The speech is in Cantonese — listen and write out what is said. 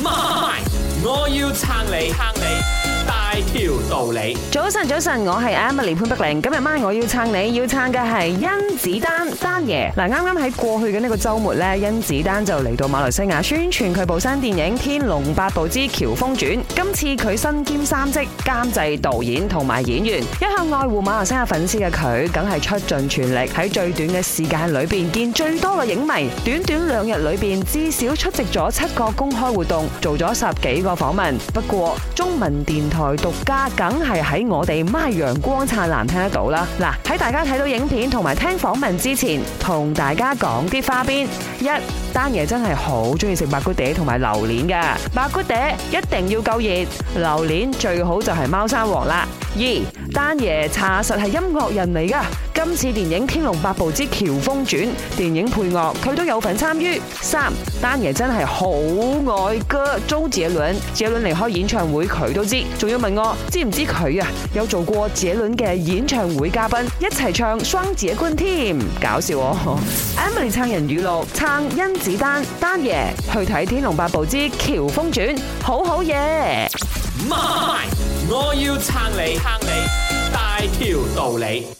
MY，我要撐你，撐你。一條道理。早晨，早晨，我係 Emily 潘北玲。今日晚我要撐你，要撐嘅係甄子丹丹爺。嗱，啱啱喺過去嘅呢個周末呢，甄子丹就嚟到馬來西亞宣傳佢部新電影《天龍八部之喬峰傳》。今次佢身兼三職，監製、導演同埋演員。一向愛護馬來西亞粉絲嘅佢，梗係出盡全力喺最短嘅時間裏邊見最多嘅影迷。短短兩日裏邊，至少出席咗七個公開活動，做咗十幾個訪問。不過中文電台。獨家梗係喺我哋孖陽光燦爛聽得到啦！嗱，喺大家睇到影片同埋聽訪問之前，同大家講啲花邊：一丹爺真係好中意食白骨嗲同埋榴蓮㗎。白骨嗲一定要夠熱，榴蓮最好就係貓山王啦。二丹爺查實係音樂人嚟噶，今次電影《天龍八部之喬峰傳》電影配樂佢都有份參與。三丹爺真係好愛哥周杰倫，杰倫離開演唱會佢都知，仲要問我知唔知佢啊？有做過杰倫嘅演唱會嘉賓，一齊唱雙截棍添，搞笑喎。Emily 撐人語錄撐甄子丹，丹爺去睇《天龍八部之喬峰傳》，好好嘢。撐你，撐你，大條道理。